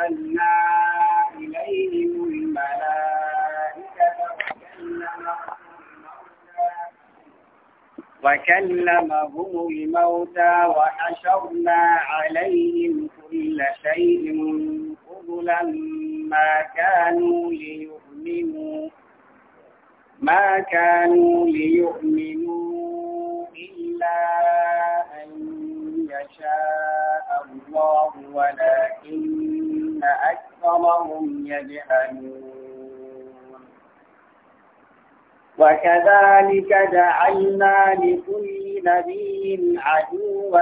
أنزلنا إليهم الملائكة وكلمهم الموتى وحشرنا عليهم كل شيء قبلا ما كانوا ليؤمنوا ما كانوا ليؤمنوا إلا أن يشاء الله ولكن أكثرهم يجهلون وكذلك جعلنا لكل نبي عدوا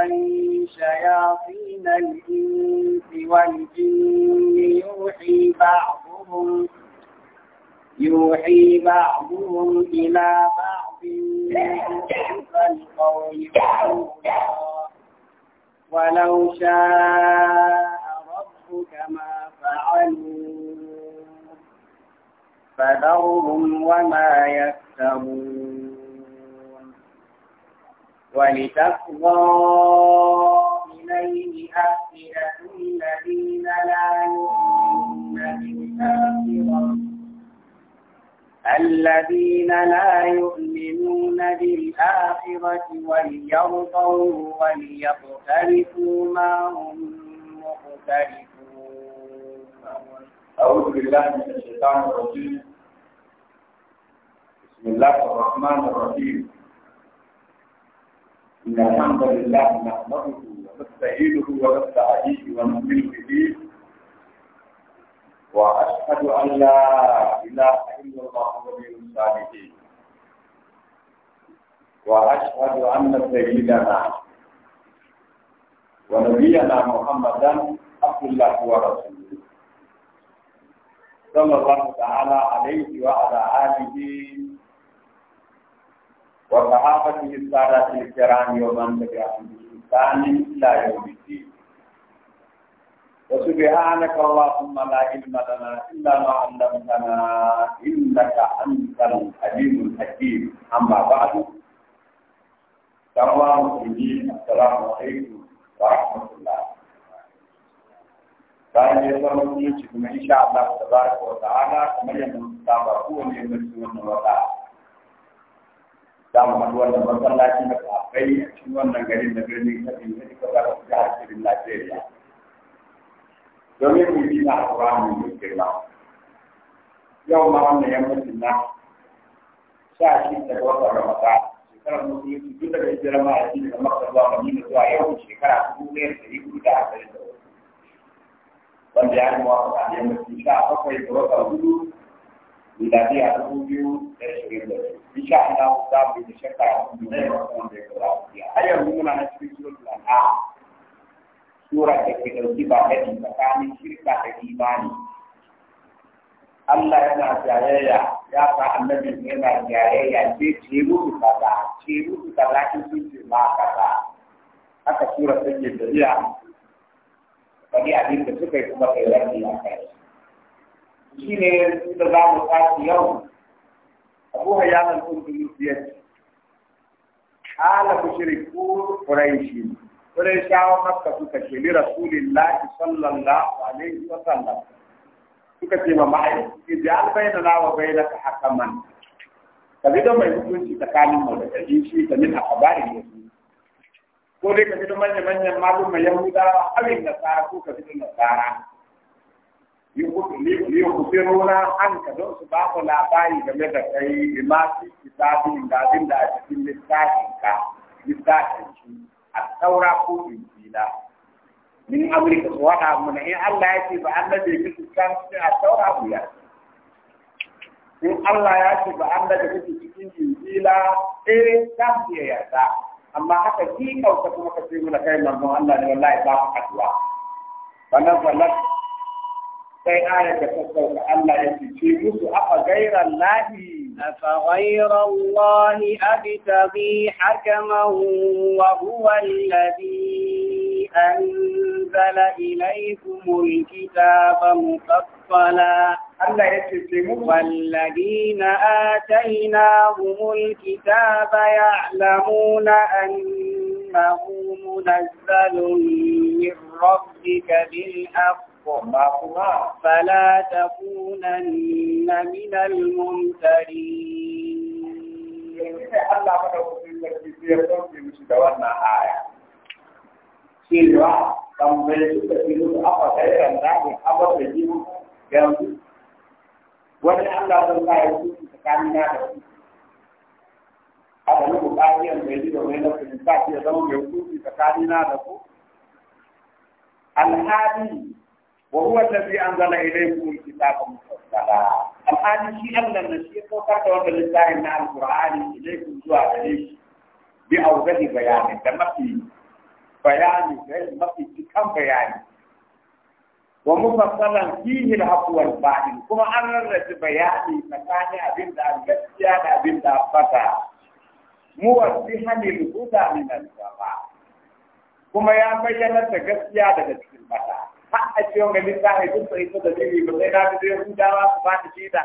شياطين الإنس والجن يوحي بعضهم يوحي بعضهم إلى بعض القول ولو شاء كما فعلوا فذرهم وما يكتمون ولتقضى إليه أفئدة الذين لا يؤمنون بالآخرة الذين لا يؤمنون بالآخرة وليرضوا وليقترفوا ما هم مقترفون أعوذ بالله من الشيطان الرجيم بسم الله الرحمن الرحيم إن الحمد لله نحمده ونستعينه ونستعينه ونؤمن به وأشهد أن لا إله إلا الله ولي الصالحين وأشهد أن سيدنا ونبينا محمدا عبد الله ورسوله صلى الله تعالى عليه وعلى آله وصحابته السادة الكرام ومن تبعهم بإحسان إلى يوم الدين وسبحانك اللهم لا علم لنا إلا ما علمتنا إنك أنت الحليم الحكيم أما بعد ترى المسلمين السلام عليكم ورحمة الله bayan ya zama mutunci kuma insha Allah ta baraka wa ta'ala kamar yadda muka saba kowane yammaci wannan wata za mu haɗu wannan masallaci na kafai a cikin wannan garin da birnin kabin da duka za ku ga hasirin Najeriya domin mu yi na Alƙur'ani mai girma yau ma wannan yammacin na sha shi da wata Ramadan shekarar musulunci tun daga hijirar ma'aji da Makka zuwa Madina zuwa yau shekara dubu ɗaya da ɗari hudu da ashirin da wanda ya kuma a yammacin sha bakwai da wata hudu miladiya dubu biyu da ashirin da biyu insha Allah za mu yi shakka da zai wasu wanda ya kawo har yanzu muna na cikin suratul an'am sura da ke dauki ba gadi tsakanin shirka da imani Allah yana jayayya ya fa annabi yana jayayya ce ce mutu kaza ce mutu kaza in sun ce ma kaza haka sura take tafiya faɗi abin suka yi kuma kai rafi a kai shi ne da za mu tashi yau abu hayaman kun tuni biyar ala mushriku quraishi quraishawa sallallahu alaihi wa sallam suka ce ma ma'ai ijal bainana wa bainaka hakaman kabi mai hukunci tsakanin mu da shi shi da min akhbarin ko dai ka fito manya-manyan malum mai yahudawa abin da tsara ko ka fito da tsara yi kufiruna an ka don su ba ku labari game da kai da masu kitabin da abin da a cikin littafin ka littafin shi a saura ko injila min amurka su wada muna in allah ya ce ba an da bai kisu kan su a saura mu ya in allah ya ce ba an da bai kisu cikin injila eh kan ya yarda أما حتى في أو تكون تسليم لك إلا أنه أن لله إضافة آية تقول أن لا يسجد أفغير الله أبتغي حكما وهو الذي أنزل إليكم الكتاب مفصلا Allah ya ce mu walladina atainahumul kitaba ya'lamuna annahu munazzalun min rabbika bil haqq fala takunanna minal Allah ya da wani Allah zan sa ya su tsakanin na da su a da nuku ƙariyar mai ji domin na su sa ya zama mai hukunci tsakanin na da ku? alhali wa huwa allazi anzala ilaykum alkitaba mufassala alhali shi Allah na shi ko ka da wannan littafin na alqur'ani ilaykum zuwa gare shi bi awzali bayani da mafi bayani da mafi cikan bayani wa mu fihi al-haqq wal batil kuma an rarrace bayani tsakanin abin da gaskiya da abin da fata muwassihan al-huda min al-safa kuma ya bayyana da gaskiya daga cikin mata. har a cikin ga littafi duk sai da dalili ba sai da da Yahudawa su ba da shaida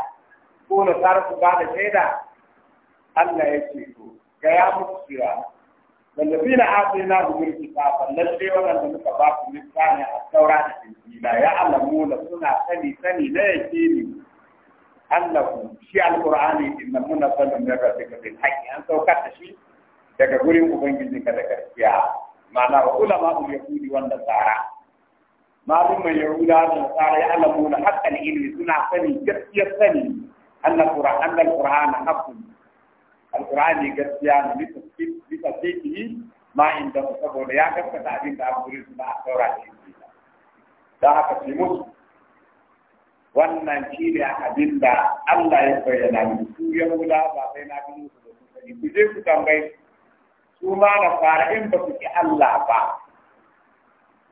ko na tsara su ba Allah ya ce to ga ya musu cewa الذين آتيناهم الكتاب الذي ولا نتباك من كان التوراة الإنجيل يعلمون سنة سني سني لا يجيني أنه في القرآن إن من صلى من ربك في الحق أنت وكتشي تكبرين وبنجل ذكا تكتشيا معنى علماء اليهود والنصارى ما ثم يقول هذا النصارى يعلمون حتى العلم سنة سني كتشي سني أن القرآن أن القرآن حق alqur'ani gaskiya na bisa bisa teki ma inda saboda ya gaskata abin da abu gurin suna a saura da yin don haka ce musu wannan shi ne abin da Allah ya bayyana mu su yahuda ba sai na bi musu da su sani ku je ku tambayi su ma na fara in ba su ki Allah ba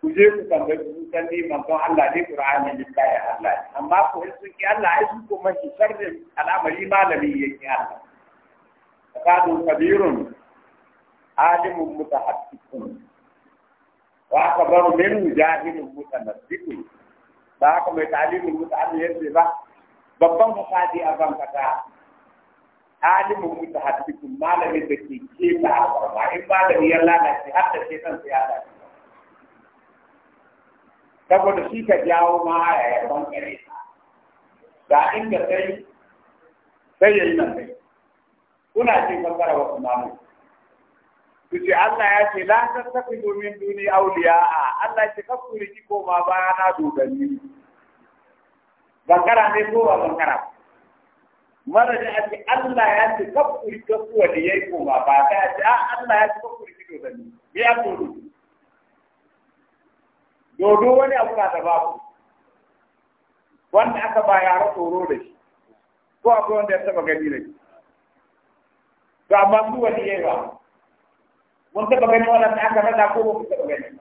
ku je ku tambayi su san ni manzon Allah ne Qur'ani ne kai Allah amma ko in sun ki Allah ai su ko man ki sharri al'amari malami yake Allah فقاد كبير عالم متحقق وأكبر منه جاهل متمسك da haka mai talimin mutane yadda ba babban fasadi a ban kasa mutu hadisin malamin da ke ke ta albarba in malami ya lalace har da sai ya saboda shi ka jawo ma ya yaban kare ga inda sai sai yi nan sai kuna cin kankara wa mamu su ce Allah ya ce la tafi domin duni a Allah ce kafin riki ko ma baya na dogani bankara ne ko ba bankara mara da ake Allah ya ce kafu riki ko ya yayi ko ma ba ta ce Allah ya ce kafu ah, riki dodanni me ya ko dodo wani abu na da babu wanda aka ba yaro tsoro da shi ko abu wanda ya taba gani da shi to amma mu wani yawa mun taba gani wannan da aka rada ko mun taba gani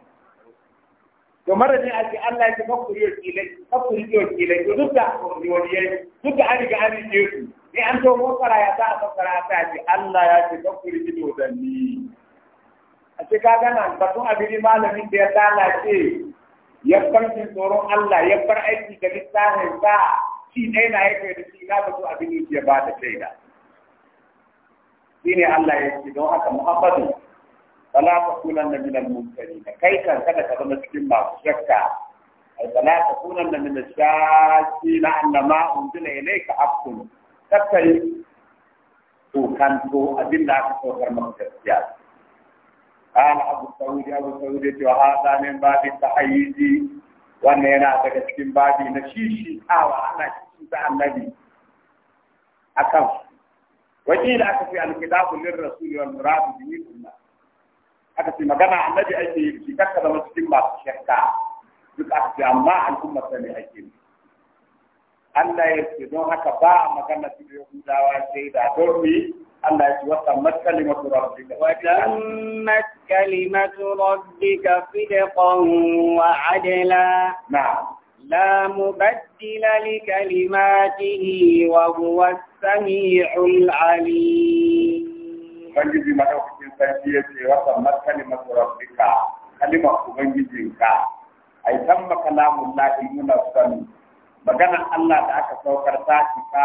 to mara ne ake Allah ya maku yi kilai maku yi kilai to duka wani yayi duka an riga an yi su ne an to mu fara ya ta ta fara ta ji Allah ya ce maku yi kido danni a ce ka ga nan batun abin malamin da ya ce ya bar tsoron Allah ya bar aiki da littafin sa shi ɗaya na yake da shi na batu abin da ya ba da shaida. shine Allah ya ce don haka Muhammadu fala takunan min al-mumtarin kai kan kada ka zama cikin masu shakka ai fala takunan min al-shaki na annama unzila ilayka afkun kakkai to kan to abinda aka saukar maka gaskiya قال أبو السعود أبو السعود وهذا من باب التحيز وأن ينا daga cikin babi na shishi awa ana shishi da annabi akan وقيل أكف عن كتاب للرسول والمراد به كنا أكف ما جمع النبي أيدي في كتاب مسلم بعض الشركاء ذك أكف عن ما عن أمة سمي أيدي ألا يرسدون هكا باع ما جمع سبي يهودا وأسيدا دوري ألا يتوصل ما كلمة ربك وتمت كلمة ربك صدقا وعدلا نعم لا مبدل لكلماته وهو السميع العليم Ubangiji maɗaukakin sarki ya ce wasa matkalimar rabbika kalimar Ubangijinka Ai yi san makalamun lahi nuna sani maganar Allah da aka saukar ta cika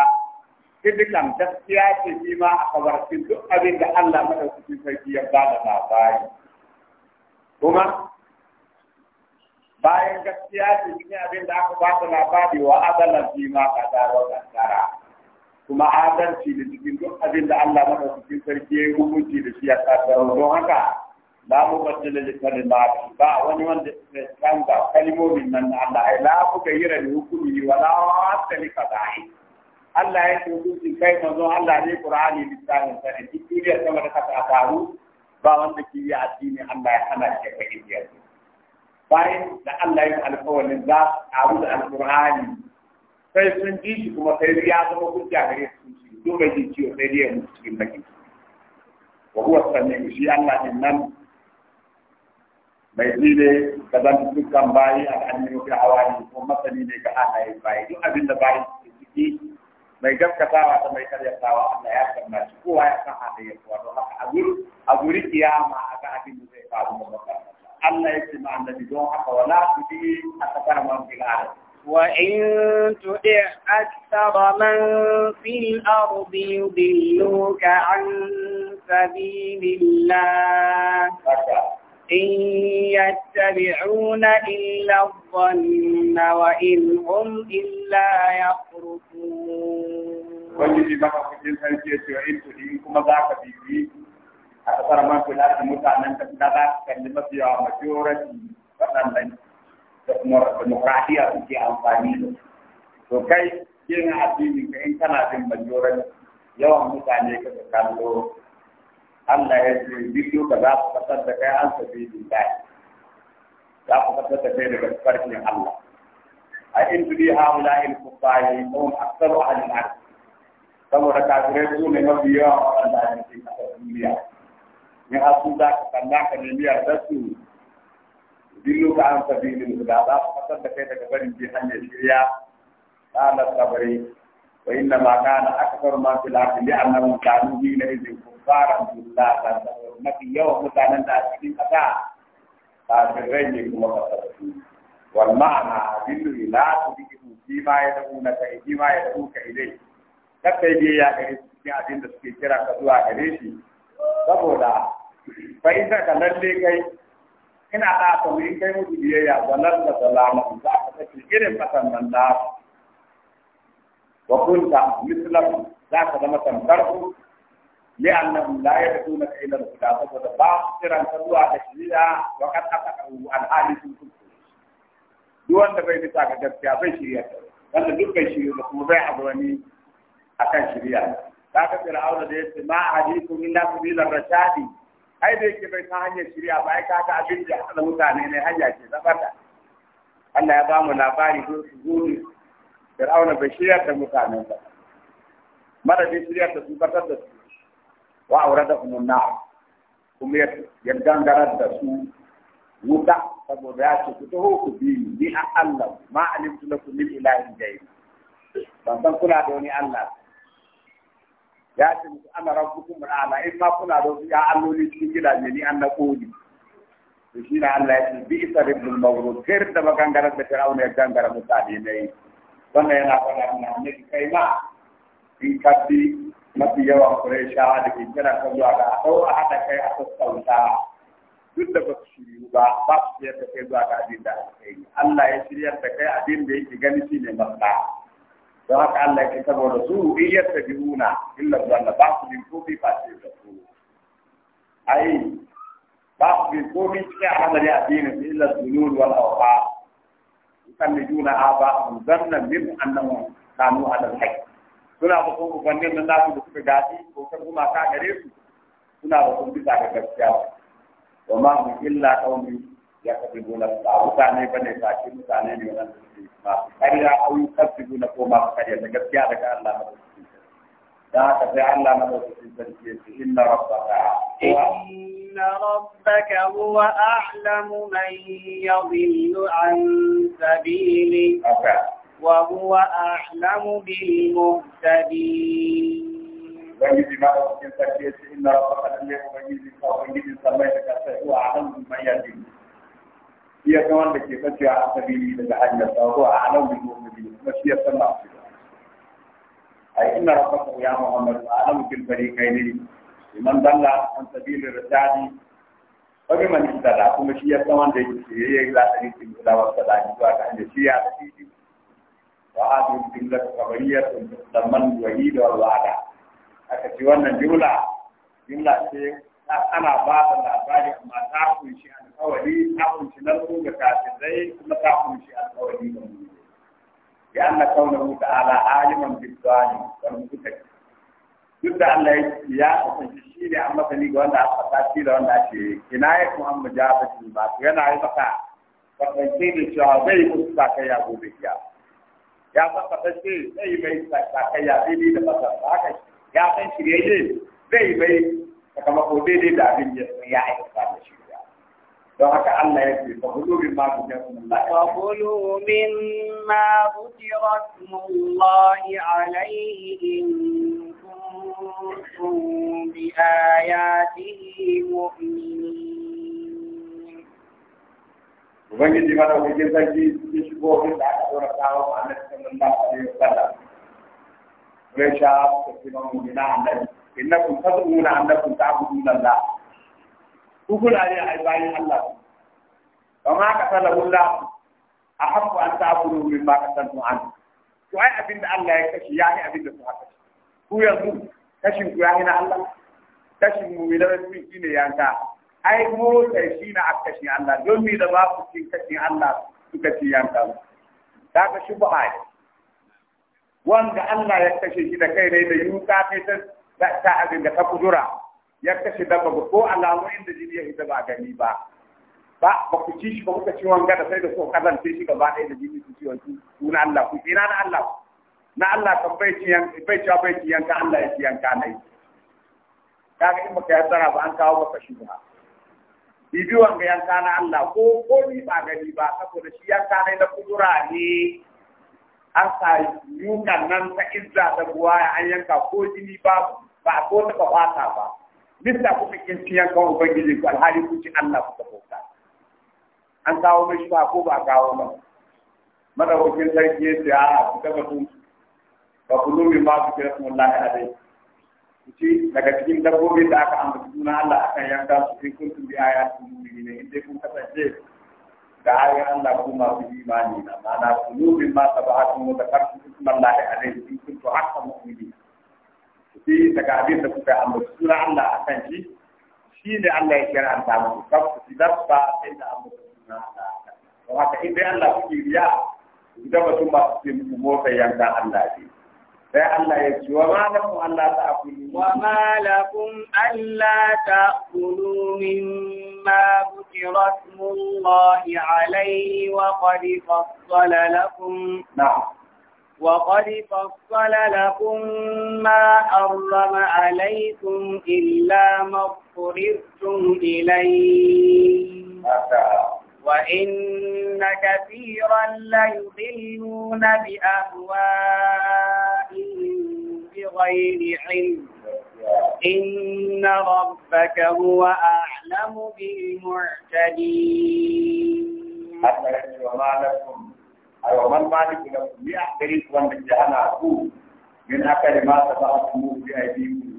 sidikan gaskiya ce shi ma a kabarci duk abinda da Allah maɗaukakin sarki ya ba da labari. Kuma bayan gaskiya ce cikin abin da aka bata labari wa adalan fi ma kada wa kankara kuma adalci da cikin duk abin da Allah cikin sarki ya yi hukunci da shi a kasar don haka la mu battala da kalimati ba wani wanda ya canza kalmomin nan na Allah ai la ku gayyara da hukumi wala ni wasali kadai Allah ya ce hukunci kai manzo Allah ne Qur'ani lisanin sa ne duk duniyar ta da kasa a taru ba wanda ke yi addini Allah ya hana shi kai biyar bayan da Allah ya alƙawarin za su karu da alƙur'ani sai sun ji shi kuma sai ya zama hujja gare su ci duk mai jin ciwo sai dai mu cikin baki wa huwa samiu shi Allah din nan mai ji ne ka zan dukkan bayi al'annin fi hawani ko masani ne ga halayen bayi duk abin da bayi ke ciki mai gaskatawa da mai karyatawa Allah ya san shi kowa ya san halayen kowa don haka a guri kiyama a ga abin da zai faru da mutane الذي ولا من في العالم وإن تدع أكثر من في الأرض يضلوك عن سبيل الله إن يتبعون إلا الظن وإن هم إلا يخرصون. وإن a kasar man fi mutanen da na za su kalli mafi yawa majority waɗannan da kuma demokradiyya suke amfani da to kai yin addinin ka in kana bin majority yawan mutane ka ka kallo Allah ya ce bidiyo ka za ku kasar da kai an sabi lillahi za ku kasar da kai daga farkin Allah a in tudi haula il kuffari ko aksaru ahli al-ard saboda kafirai su ne mafi yawa waɗanda ake cikin duniya in har su za ka kalla ka nemi yarda su dillu ka an za su fitar da kai daga barin bi hanyar shirya qala sabri wa inna ma kana akthar ma fil ardi li annahum kanu hina idhin kuffaran billahi mafi yawan mutanen da a cikin kasa kafirai ne kuma kasarsu wal ma'ana dillu la tudiku fi ma yaduna ka fi ma yaduka ilai kakkai biya gare su cikin abin da suke kira ka zuwa gare shi saboda fa in ka lalle kai ina da to in kai mutu biyayya balal da salama za ka tafi irin fatan nan da wa kunta mislam za ka zama tamkar ku لأنهم لا يدعونك da الهدى فقد باصرا فدعا تشريعا وقد أتقوا عن حال سنكم duwan wanda bai bisa ga gaskiya bai shirya wanda duk bai shirya da kuma bai abu akan shirya ka ga fir'auna da yace ma hadithu illa sabila rashadi ai da yake bai ta hanyar shirya ba ai kaga abin da hana mutane ne hanya ce zabata Allah ya bamu labari don su zuri Fir'auna bai shiryar da mutanen ba bai shirya da su batar da su wa auradahum an na kuma ya gangarar da su wuta saboda ya ce ku taho ku bi ni a Allah ma alimtu lakum min ilahin ghayri ban san kuna da wani Allah ya ce musu ana rabbukum ala in ma kuna da wasu ya alloli cikin gidaje ni an na koli to shi na Allah ya ce bi isa ribul mawrud kar da magangarar da fir'auna ya gangara mutane ne wannan yana faɗa mana annabi kai ma in ka bi mafi yawan Qurayshawa da ke kira kan zuwa ga sau a haɗa kai a sassauta duk da ba su shiryu ba ba su shirya da kai zuwa ga abin da aka yi Allah ya shiryar da kai abin da yake gani shi ne don haka Allah ke saboda su in yadda biyuna illa zanna ba su bin kofi ba su da su ai ba su bin kofi cikin al'amari addinin su illa zunun wal awha yukalliduna aba zanna min annahum kanu ala al-haqq suna ba sun ubannin nan nasu da suka gaji ko ta gumaka gare su suna ba su bisa ga gaskiya wa ma mun illa qaumin يكذبون الطاغوتان بني فاشل مثالين يغنى ما فكرها او يكذبون فوما فكرها تقفيا لك الله لا تجعل لنا إن ربك إن ربك هو أعلم من يضل عن سبيله وهو أعلم بالمهتدين. إن ربك iya ga wanda ke bacewa a sabili daga hanyar tsaro a alam bil mu'minin kuma shi ya san ba su ai inna rabbaka ya muhammad alam bil fariqain liman dalla an sabili rijali wa biman ihtada kuma shi ya san wanda yake yayi la tariqin ila wasalani zuwa ta hanyar shi ya sabili wa hadhihi jumlatu khabariyatun tamman wahid wal wa'ada aka ci wannan jumla jumla ce ana ba da labari amma ta kunshi alkawari ta kunshi na ga kafirai kuma ta kunshi alkawari ga mu ya Allah ta ala aliman bidwani kan mu ta duk da Allah ya kasance shi ne a matsayi ga wanda aka tashi da wanda ake ina ya kuma an mujabati ba to yana yi maka kwatance da cewa ta kai ya gobe kiya ya san sai zai mai ya bi da fasar haka ya san shirye zai bai sakamako daidai da abin da ya aikata da shi don haka Allah ya ce fakulu min na tutiratullah fakulu min ma tutiratullah alayhi in kuntum bi ayatihi mu'minin Ubangiji mana wajen sarki cikin da aka dora kawo a nan sallallahu alaihi wasallam. Rasha ta fi mamuni na annabi innakum tad'una annakum ta'buduna Allah ku kula ne ai bayin Allah wa ma qatala Allah ahabbu an ta'budu ma qataltu an to ai abinda Allah ya kashi ya yi abinda su haka ku yanzu kashin ku ya yi na Allah kashin mu da su shine yanka ai mu sai shi na akashi Allah don mi da ba ku cin kashin Allah suka ci yanka da ka shubha wanda Allah ya kashe shi da kai ne da yuka ne ta ta abin da ta kudura ya kashe dabba ko alamu inda jini ya hita ba gani ba ba ba ku ci shi ba kuka ci wanga da sai da so sai shi gaba ɗaya da jini su ciwon ku na Allah ku ina na Allah na Allah kan bai ci yan bai ci bai ci yanka Allah ya ci ka nai kaga in baka yarda ba an kawo maka shi ba bibi wanga ka na Allah ko ko ni ba gani ba saboda shi ka nai na kudura ne an sa yukan nan ta izza da buwaya an yanka ko jini babu ba ko ba fata ba bisa kuka kin tiyan kan ubangiji ku alhali ku ci Allah ku bauta an kawo mai ba ko ba kawo ba madaukakin sarki ya ce a ku taɓa tun ba ku lumi ma ku kira sun a alai ku ci daga cikin dabbobin da aka ambata suna Allah akan yanka su in kuntum bi yi mu'minin in dai kun kasance da ayoyin Allah ku masu imani na mana ku lumi ma ta ba a mu da karfin ismallahi alai in kuntum hakka mu'minin bi daga abin da kuka ambaci Allah a kan shi shi ne Allah ya kira an samu kaf ku ci dabba a kan to haka Allah kuke riya tun ce Allah ne sai Allah ya ce wa malakum Allah ta akulu wa malakum Allah ta bukira smullahi alaihi wa qad fassala lakum na'am وقد فصل لكم ما حرم عليكم إلا ما اضطررتم إليه وإن كثيرا ليضلون بأهوائهم بغير علم إن ربك هو أعلم بالمعتدين. وما لكم أو من مالك لكم مئة طريق وأن جعلها من أكل ما سبقتموه بأيديكم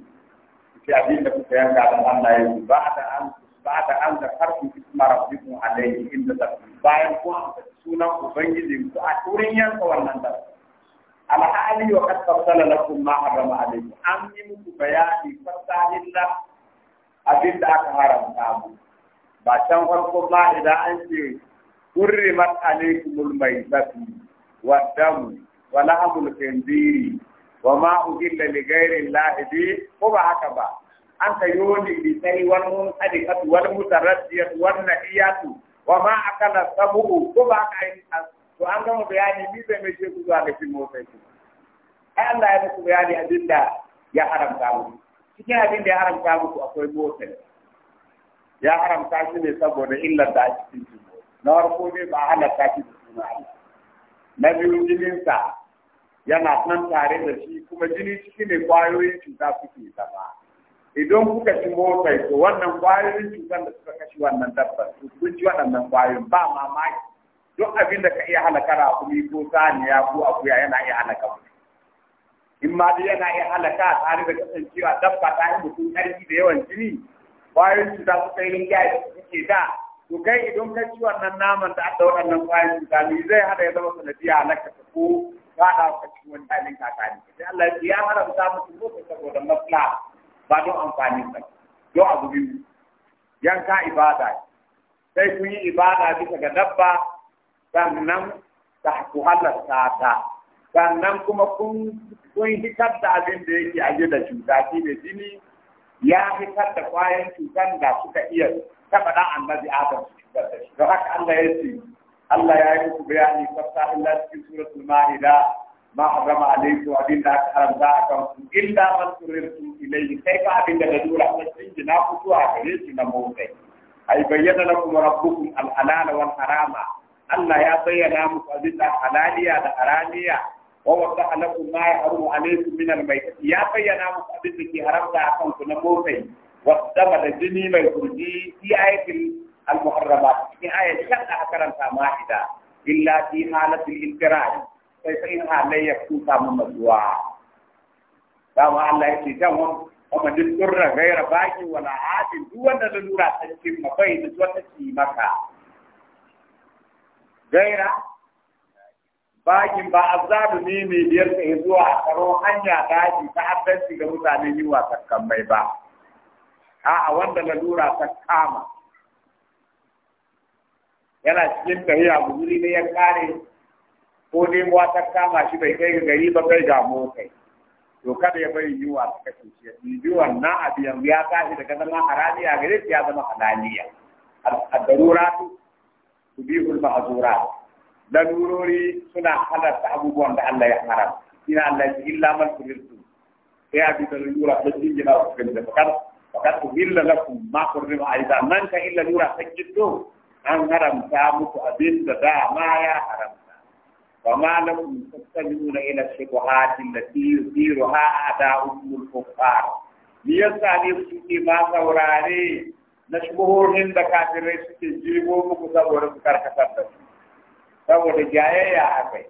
في أبين لكم سيان قال أن لا يوم بعد أن بعد أن ذكرتم اسم ربكم عليه إن ذكرتم باين قوة سنة أبنجزم أتورين ينسوا النندر على حالي وقد فصل لكم ما حرم عليكم أمنكم بياني فتاه الله أبين ذاك حرم تعمل ba can farko ba idan an ce حرمت عليكم الميتة والدم ولحم الخنزير وما أهل لغير الله به هو هكذا أنت يوني لسي والمنحدقة والمتردية والنحية وما أكل السبع هو هكذا وأنت مبياني ميزة مجيء تزوال في موسى Allah ya muku bayani abin da ya haramta muku cikin abin da ya haramta muku akwai motsai ya haramta shi ne saboda illar da a cikin su na ko ne ba halatta shi da suna Allah na biyu jininsa yana nan tare da shi kuma jini ciki ne kwayoyin cuta suke zama idan kuka ci motsai to wannan kwayoyin cutar da suka kashe wannan dabbar su kun ci waɗannan kwayoyin ba mamaki duk abin da ka iya halaka rakumi ko saniya ko akuya yana iya halaka mutum in ma dai yana iya halaka tare da kasancewa dabba ta yi mutum ƙarfi da yawan jini kwayoyin cuta suka yi rinjaye suke da to kai idan ka ci wannan naman da aka wannan kwayan cuta ne zai hada ya zama sanadiya na ta ko ba da ka ci wani halin kakani sai Allah ya ya haramta musu ko saboda maslaha ba don amfani ba don abu biyu yanka ibada sai kun yi ibada bisa ga dabba sannan ta ku halarta ta sannan kuma kun kun hitar da abin da yake a da shi ne jini ya fitar da kwayan cutan da suka iya taba da annabi Adam da haka Allah ya ce, Allah ya yi muku bayani fasta illa cikin suratul Ma'ida ma harama alaikum abin da aka haramta a kan ku illa man turirtu ilayhi kai ka abin da lalura Allah ya yi na fito a gare shi na motsai. Ai bayyana lakum rabbukum al-halala wal harama Allah ya bayyana muku abin da halaliya da haramiya wa wadaha lakum ma yahrumu alaykum min al-maytah ya bayyana muku abin da ke haramta akan ku na motsai wa dama da jini mai kurji fi ayatil al-muharramat cikin ayat kan aka karanta ma'ida illa fi halatil intiraj sai sai halayya ku samu mazuwa dama Allah yake dan wani kuma gaira baki wala hadin wanda lalura ta cimma bai da gaira bakin ba azabu ne mai biyar ka zuwa a tsaro hanya da daji ta addanci ga mutane yi wa mai ba a'a wanda lalura ta kama yana cikin tafiya guzuri ne ya kare ko nemuwa ta kama shi bai kai ga gari ba bai ga kai to kada ya bari yiwa ta kashe shi yiwuwan na abu yanzu ya tashi daga zama haramiya gare shi ya zama halaliya al-daruratu tubihul ma'zurat دغوروري سنا حدث ابو بوند الله يحرم ان الله الا من قدرت يا إيه ابي ترى يورا تجي جنا وكن فقط فقط ويل لكم ما قرن ايضا من كان الا يورا تجدو ان حرم تامك ابين دا ما يا حرم وما لم تستجدون الى الشبهات التي يثيرها اعداء الكفار ليسالي في ما ثوراري نشبهون عند كافر ريسك الجيبو مكتب ورد كاركتر تشبه saboda jayayya akai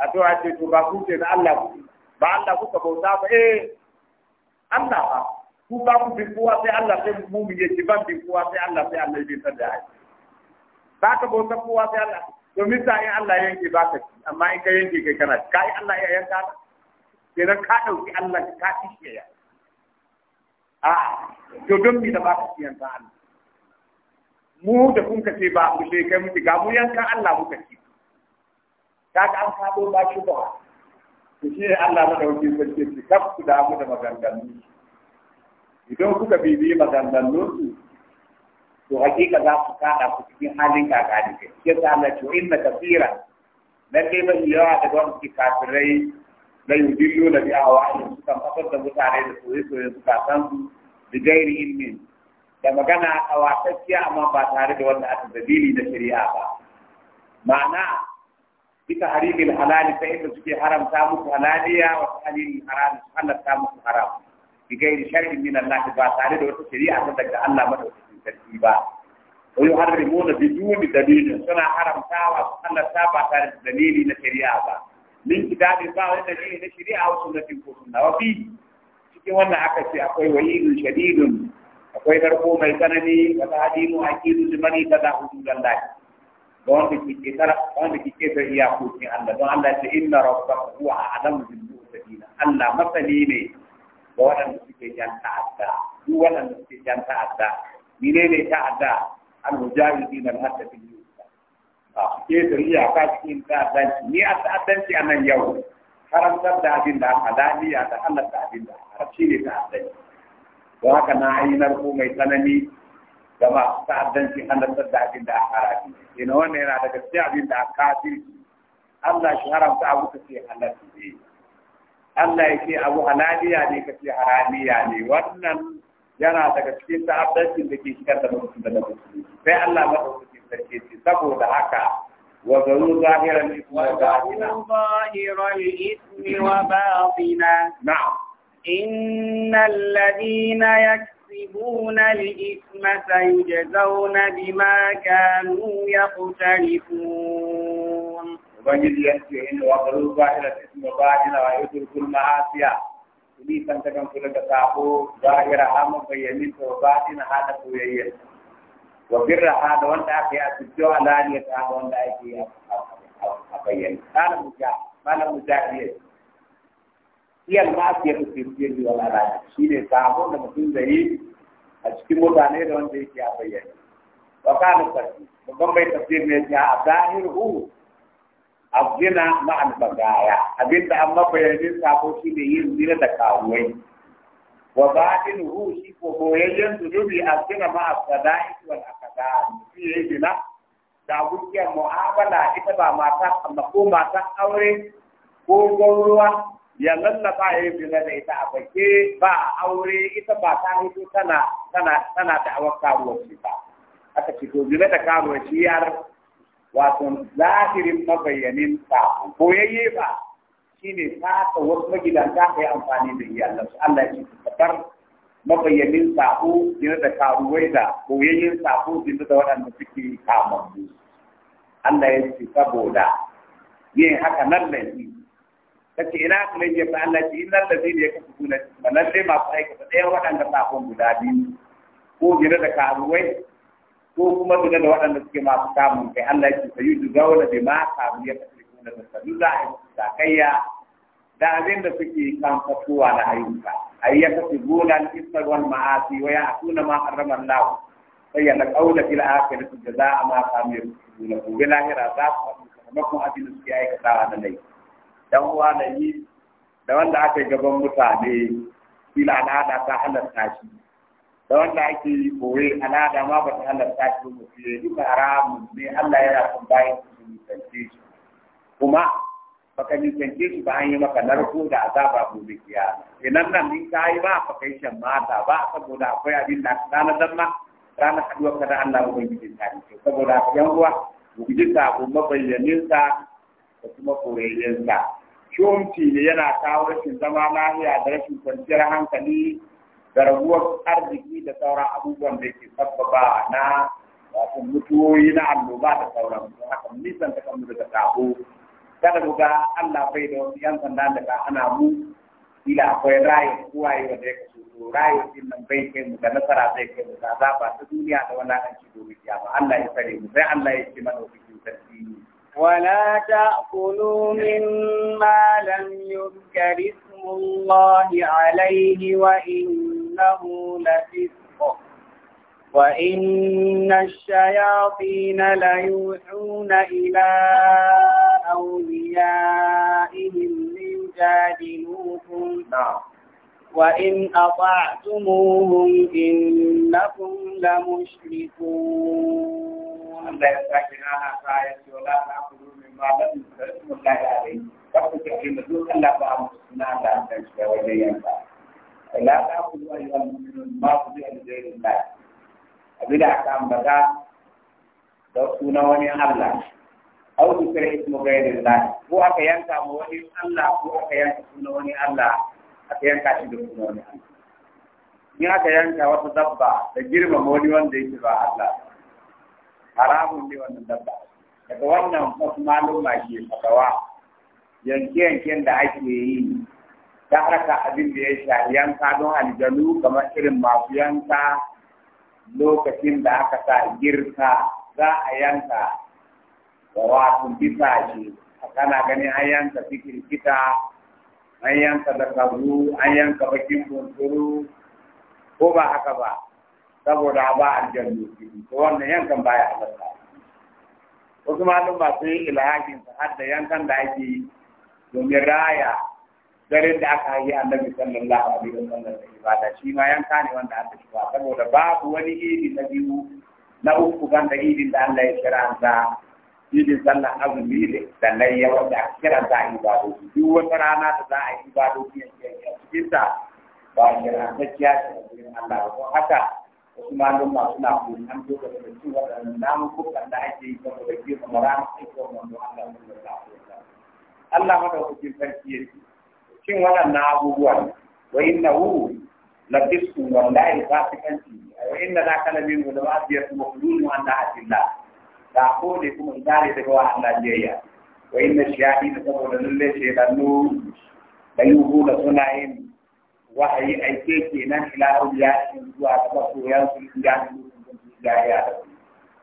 a to a ce to ba ku ce na Allah ku ba Allah ko bauta ba eh Allah ba ku ba ku bi kowa sai Allah sai mu mu yake ban bi kowa sai Allah sai Allah bi sada ai ba ka bauta kowa sai Allah to misa in Allah yanke ba ka amma in ka yanke kai kana kai Allah ya yanka ka kenan ka dauki Allah ka kishi ya a to don mi da ba ka yanka Allah mu da kun kace ba mu sai kai muke ga mu yankan Allah muka ci ka ka an kado ba shi ba to shi ne Allah da dauki sarki ki kaf ku da mu da maganganu idan kuka bibiyi maganganun to hakika za ku kada ku cikin halin kaka da kai yasa Allah to inna na lalle ba yawa daga wani kafirai la yudillu la bi ahwa'ihim sukan fatar da mutane da soyayya soyayya suka san su da gairi ilmin da magana a wasacciya amma ba tare da wanda aka dalili da shari'a ba ma'ana bika harimil halali ta inda suke haramta muku halaliya wa halil haram su halatta muku haram bi gairi shar'in min Allah ba tare da wata shari'a ta daga Allah madaukakin sarki ba wa yuharrimuna biduni dalilin suna haramtawa su halatta ba tare da dalili na shari'a ba min kitabin ba wani dalili na shari'a wa sunnatin ko sunna wa fi cikin wannan aka ce akwai wa'idun shadidun akwai tarko mai tsanani wa ta'dimu a limani tada ta da, wanda ke ke tara wanda ke ke da iyakokin Allah don Allah ta inna rabbaka huwa a'lamu bil muhtadin Allah masani ne ga waɗanda suke jan ta'adda duk waɗanda suke jan ta'adda menene ta'adda al-mujahidin al-hatta fil yusra a ke da iyaka cikin ta'addanci ni a ta'addanci a nan yau haramtar da abin da halaliya da halatta abin da haram shi ne ta'addanci don haka na an yi narko mai tsanani da masu ta'addanci halartar da abin da aka harafi ina wannan yana daga cikin abin da aka kafirci Allah shi haramta abu ka ce halarci ne Allah ya ce abu halaliya ne ka ce haramiya ne wannan yana daga cikin ta'addancin da ke shigar da mutum da mutum sai Allah maɗaukakin sarki ce saboda haka وذروا ظاهر الإثم وباطنه ظاهر الإثم وباطنه نعم إن الذين يكسبون الإثم سيجزون بما كانوا يقترفون وبجد ينسي إن وقلوا باحلة اسم ويترك المعاصي ni san ta kan kula da sabo zahira amma bayyanin to batin hada koyayya wa birra hada wanda aka yi a cikin alaniya ta wanda ake yi a bayyana kana mu ja mujahid iyal ma'asiyar tafiyar wal alani shi ne sabon da mutum zai yi a cikin mutane da wanda yake a bayyana wa kana tafi babban bai tafiyar ne ya a zahiru abdina ma'al bagaya abinda an mabayanin sabo shi ne yin zira da kawai wa ba'in hu shi ko koyayyen zunubi abdina ma'al sada'i wal akadari shi yayi zina da gurkiyar mu'amala ita ba mata amma ko matan aure ko gwamruwa ya lallaba ya yi zina da ita a bake ba a aure ita ba ta haihu tana tana tana da awar karuwarci ba aka fito, to zina da shi yar wato zahirin mabayyanin ta koyayye ba shine ta ta wasu magidanta yi amfani da iyalan su Allah ya ce tabbar mabayyanin sako zina da karuwai da koyayyen sako zina da waɗanda suke kamammu Allah ya ce saboda yin haka nan laifi kace ina kuma yake fa Allah ji innal ladina yakfuruna malalle ma fa yawa ɗaya ta sakon guda biyu ko gida da karuwai ko kuma jira da waɗanda suke masu kamun kai Allah ji fa yuzu gauna bi ma kamu ya kasiruna da salulla ai sakayya da abin da suke kan fatuwa na ayyuka ai ya gona al-isra wal ma'asi wa kuna ma harrama Allah sai ya laqauna fil akhirati jazaa ma kamu ya kasiruna billahi razaqa kuma abin da suke aikatawa da laifi yan uwa da yi da wanda aka gaban mutane kila al'ada ta halarta shi da wanda ake yi koye al'ada ma ba ta halarta shi ba mutu ya duka haramun ne Allah yana son bayan su nisance shi kuma baka nisance shi ba an yi maka narko da azaba gobe kiyama idan nan in ka yi ba baka yi shan mata ba saboda akwai abin da ranar dan ma ranar haduwar ka da Allah ubangiji ta ce saboda yan uwa ubangiji ta ko mabayyanin da kuma koyayyen shumci ne yana kawo rashin zama lahiya da rashin kwanciyar hankali da raguwar arziki da sauran abubuwan da ke sabbaba na wato mutuwoyi na annoba da sauran don haka nisan ta kanmu daga sabo kada mu ga Allah bai da wani yan sanda daga ana mu ila akwai rayu kuwaye wanda ya kaso to rayu din nan bai kai mu da nasara bai kai mu da zaba ta duniya da wani wulakanci domin kiyama Allah ya fare mu sai Allah ya ce mana wasu sarki ولا تأكلوا مما لم يذكر اسم الله عليه وإنه لفسق وإن الشياطين ليوحون إلى أوليائهم ليجادلوكم نعم وإن أطعتموهم إنكم لمشركون الله يساكنها سايس ولا تأكلوا مما لم يذكر الله عليه فقد كلمة الله فأمسنا لا تنشر وجيا لا تأكلوا أيها المؤمنون ما قضي لغير الله أبدا أكام بدا لو سونا وني الله أو ذكر اسم غير الله هو أكيان كام وني الله هو أكيان سونا وني الله aka yanka shi da suna wani Allah in aka yanka wata dabba da girmama wani wanda yake ba Allah haramun ne wannan dabba daga wannan wasu maluma ke fatawa yanke-yanken da ake yi ta haka abin da ya sha yanka don aljanu kamar irin masu yanka lokacin da aka sa girka za a yanka Wa wasu bisa shi kana ganin an yanka fikir kita an yanka da kabu an yanka bakin bunsuru ko ba haka ba saboda ba aljannu to wannan yankan baya halatta wasu malum ba su yi ilhakin sa har da yankan da ake yi domin raya daren da aka yi annabi sallallahu alaihi wasallam da ibada shi ma yanka ne wanda aka shiga saboda babu wani iri na biyu na uku ban da irin da Allah ya shiranta idin sallah azumi ne sannan ya wanda a kira za a ibadoji duk wata rana da za a yi ibadoji a cikin ta ba a kira ta kiya ta gurin Allah ko haka wasu malum ma suna koyon an doka da su wadannan namu kukan da ake yi kuma saboda ke kuma ranar aikin wanda Allah ya yi ta Allah madaukakin sarki yake shin waɗannan abubuwan wa innahu lafiskun wallahi fasikanci wa inna za ka lamin wa da ba a biyar kuma kulun wa anna hadillah da ko ne kuma idare daga wa Najeriya wa inna shiyadi da saboda lalle ce da nu da yi yuhu da suna yin wahayi aike kenan ila auliya in zuwa ga masoyan su da da ya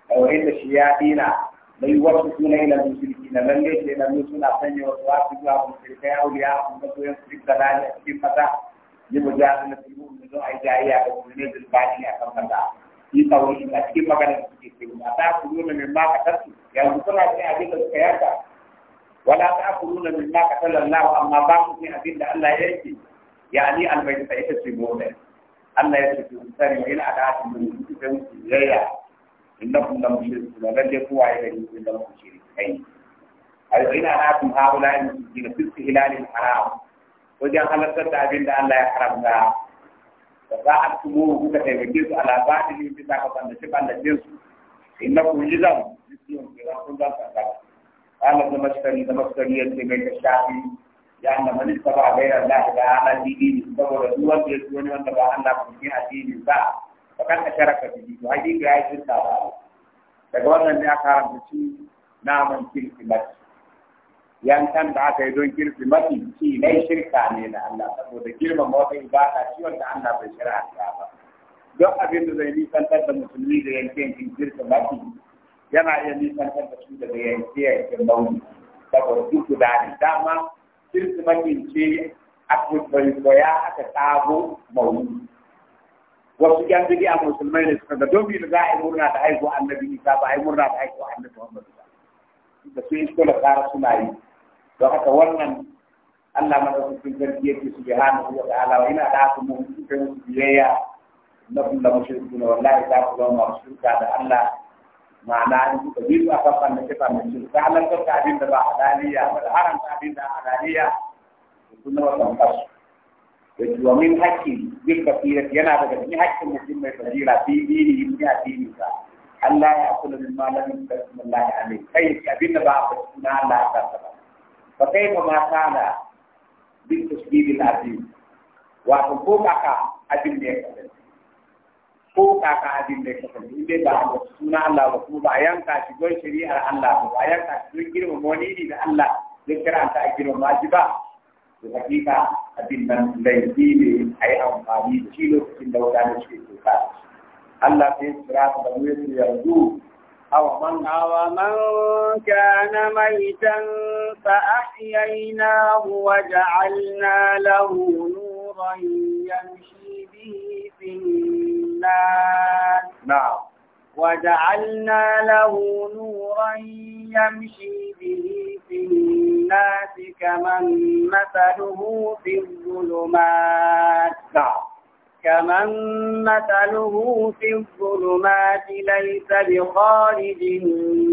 wa inna shiyadi na da yi wasu suna ila musulki na lalle ce da nu suna sanya wasu wasu zuwa musulkai auliya a masoyan su duk da lalle cikin fata yi mujahidin da su yi mu'minin zuwa ai jariya da ba ni a kan kanta yi tsawon shi a cikin magana da suke ce ba ta ku nuna min ma ka tasu yanzu suna ce abin da suka yanka wala ta ku nuna min ma ka talallahu amma ba ku ce abin da Allah ya yanke yani albaita ita ce mota Allah ya ce ku sani ina da hatin mun ku san ku yaya innakum la mushrikun la lalle ku waye da ku da mushrikai ayo ina da hatin haula in ji na fiski hilalin haram wajen halartar da abin da Allah ya haramta da za a tumo kuka taimake su ala ba da yin bisa ka bandace bandace su inna ku yi zan jisiyon ke zan kun zan tsaka ala da maskari da maskari ya ce mai ta shafi ya na mani saba a gairar lahi da ala dini saboda duk wanda ya wani wanda ba Allah ku ke addini ba ba kan ka sharaka biyu to hakika ya yi shirka ba daga wannan ne aka haramta ci naman kirki mace yankan da aka yi don girbi mafi ci dai shirka ne na Allah saboda girma wata ibada shi wanda Allah bai shari'anta ba don abin da zai nisantar da musulmi da yanke yankin girka mafi yana iya nisantar da su daga yanke yankin mauni saboda duk guda ne dama girka mafi ce aka koya aka tsago mauni wasu yan bidi a musulmai da suka ga domin za a yi murna da haihuwa annabi isa ba a yi murna da haihuwa annabi muhammadu ba da su yi suka da suna yi don haka wannan Allah madaukakin sarki yake subhanahu wa ta'ala wa ina da ku mun kai musu biyayya na kullu mushrikuna wallahi za ku zama mushrika da Allah ma'ana in kuka bi su akan fannin kifa mai shi ta halartar ta abin da ba halaliya ba da haramta abin da halaliya da kuma wasan kasu da domin hakki bin basira yana daga cikin hakkin mutum mai basira fi dini yin ya dini ka Allah ya kula min malamin bismillahi alaihi kai abin da ba a fasuna Allah ya kasa ba فكيف ما كان بالتشديد العظيم wato ko kaka abin da ya kasance ko kaka abin da ya kasance inda ba a wasu suna Allah ba kuma ba a yanka shi don shari'ar Allah ba ba a yanka shi don girma wani ni da Allah ya kira ta a girma ma shi ba to hakika abin nan laifi ne a yi amfani da shi lokacin da wadanda suke kuka Allah sai kira ta da mu yanzu أو من, كان ميتا فأحييناه وجعلنا له نورا يمشي به في الناس نعم وجعلنا له نورا يمشي به في الناس كمن مثله في الظلمات نعم كمن مثله في الظلمات ليس بخارج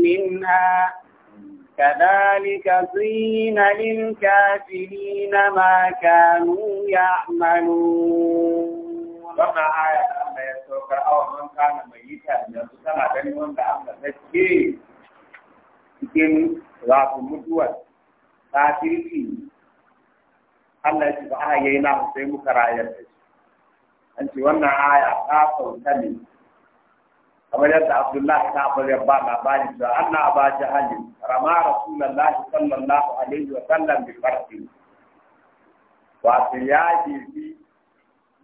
منها كذلك زين للكافرين ما كانوا يعملون wannan aya Allah ya saukar awa man kana mai yi ta yanzu tana gani wanda Allah ta ce cikin rafin mutuwar kafirci Allah ya ce ba a yayi na sai muka rayar da shi an ce wannan aya ta sauka ne kamar yadda abdullahi ta abu ya ba labarin da anna aba jahalin rama rasulallah sallallahu alaihi wa sallam bi farsi wato ya jirgi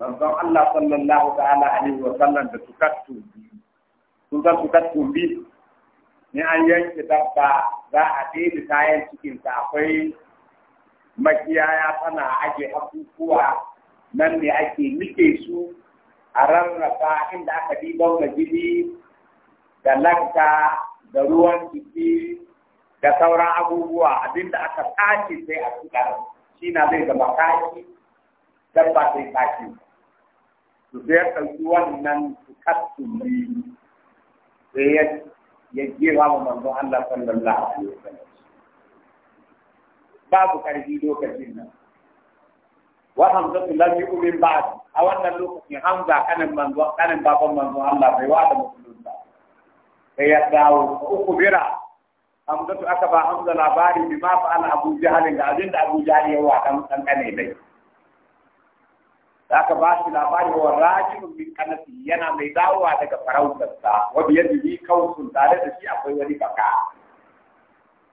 manzon Allah sallallahu ta'ala alaihi wa sallam da tukattu sun san tukattu bi ne an yanke dabba za a ɗebe kayan cikinta akwai makiyaya tana aje abubuwa nan ne ake nike su a rarraba inda aka ɗiban majini da lanta da ruwan jiki da sauran abubuwa abinda aka tace sai a fitar shi na zai zama kaki dabba sai kaki su sai ɗauki wannan su kattuli sai ya jira wa manzon Allah sallallahu alaihi wasallam babu karfi lokacin nan wa hamzatu lam yu'min ba'd a wannan lokacin hamza kanin baban manzo Allah bai wada musulunta sai ya dawo uku bira hamzatu aka ba hamza labari bi ma fa'ala abu jahal ga abinda abu jahal ya wa dan dan kane dai aka ba shi labari wa rajulun min kanati yana mai dawowa daga farautarsa wa bi tare da shi akwai wani baka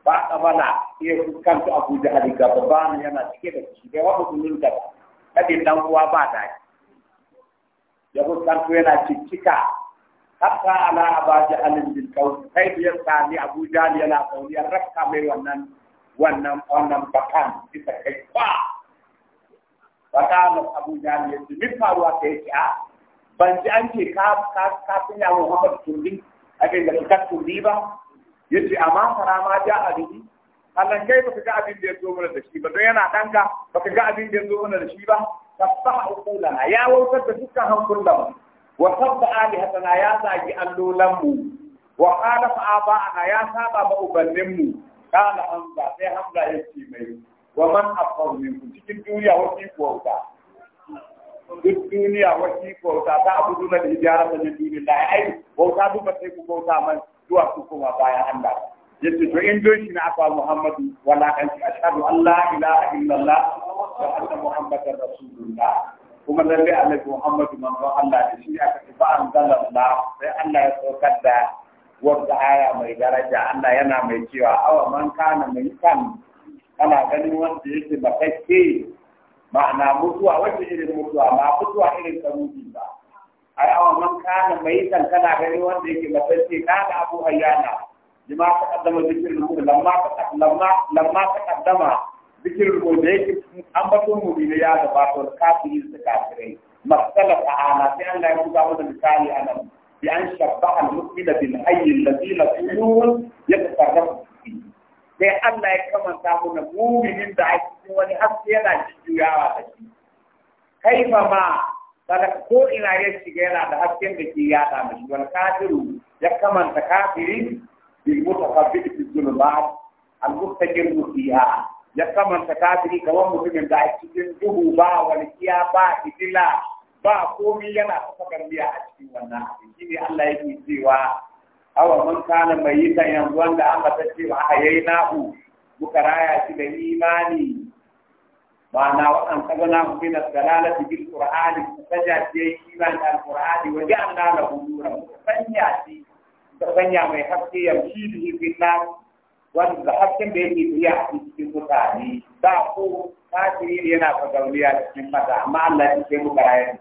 ba ka bana iya fuskanta abu jahal ga babana yana cike da shi dai wa musulunta kaɗin dan uwa ba da ya fuskanto yana cikika hatta ala abaji alim bil kaw kai biyar sami abu jali yana sauri ya rakka mai wannan wannan wannan bakan bisa kai kwa bakan abu jali ya ce min faruwa kai yake a ban ji an ce ka ka ka sanya muhammad turbi abin da ka turbi ba yace amma fara ma ja a biyu Allah kai baka ga abin da ya zo mana da shi ba don yana danka baka ga abin da ya zo mana da shi ba tasaha uqulana ya wautar da dukkan hankulan wa sabba alihatana ya zagi allolan mu wa khalafa aba'ana ya saba ba ubannin mu kana hamza sai hamza ya ce mai wa man afqahu minkum cikin duniya wasi kuwauta duk duniya wasi kuwauta ta abudu na da ijara Da min dunillahi ai wauta duk ba sai ku bauta man zuwa ku kuma bayan Allah yadda to in don shi na afa muhammadu wala kan shi ashadu Allah, ila ilaha illallah wa anna muhammadar rasulullah kuma lalle annabi muhammadu manzon Allah da shi aka tafi an Allah. sai Allah ya saukar da wata aya mai daraja Allah yana mai cewa awa man kana mai kan ana ganin wanda yake ke. ma'ana mutuwa wacce irin mutuwa ma mutuwa irin karuji ba ai awa man kana mai kan kana ganin wanda yake ke. kana abu hayyana لما تقدم ذكر الأولى لما لما لما تقدم ذكر الأولى أمبتون مبينيا دباتو الكافرين الكافرين مختلف على في أن لا يكون هذا المثال أنا بأن شبه المؤمن بالحي الذي لا يكون يتصرف فيه sai Allah ya kamanta mana muminin da ake cikin wani haske yana jujjuyawa da shi kai fa ma ko ina ya shiga yana da hasken da ke yada mashi wal kafiru ya kamanta kafiri بالمتخبط في الظلمات المستقر فيها يكمن تكافري mutumin da دا cikin duhu ba walkiya ba fitila ba komai yana tafakar biya a cikin wannan abin shine Allah yake cewa awa man kana mai ta yanzu wanda aka tace wa hayaina hu muka raya shi da imani ma'ana waɗan kazana mu bin dalalati imani al qur'ani wa da lahu nuran sanya shi ta hanya mai haske yamshi bihi fil nas wanda hasken da yake biya a cikin mutane ba ko kafiri yana fagauniya cikin mata amma Allah ya ce mu karayen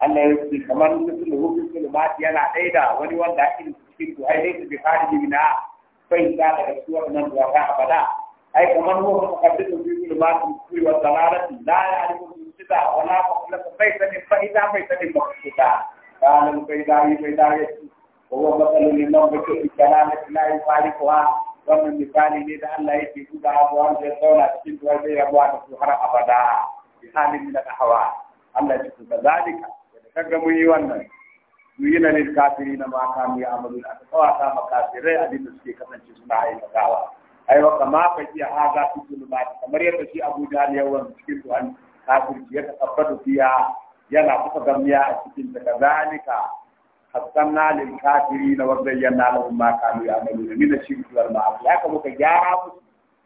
Allah ya ce kamar mutum hukuncin mati yana daida wani wanda ake cikin to ai dai bi khariji na sai da daga suwar nan da ka abada ai kamar mu ka kaddin bi bil mati kuri wa dalalati la ya'rifu sita wala fa kullu fa sai sai fa ida fa sai ba sita kana mu kai da yi kai da yi وهو مثل لمن بكل كلامة لا يفارقها wannan misali ne da Allah ya buga abuwan da ya zauna cikin duwar zai rabuwa da su har abada bi halin da hawa Allah ya kuka zalika da kaga mun yi wannan yuyina lil kafirin ma kanu ya'malun aka kawata ma kafirai abin da suke kasance suna aikatawa ai wa kama fa iya haza fi zulumat kamar yadda shi Abuja Jahl cikin yana a cikin hasanna lil kafirin wa zayyana lahum ma kanu ya'maluna min ash wal ma'asi haka muka gyara musu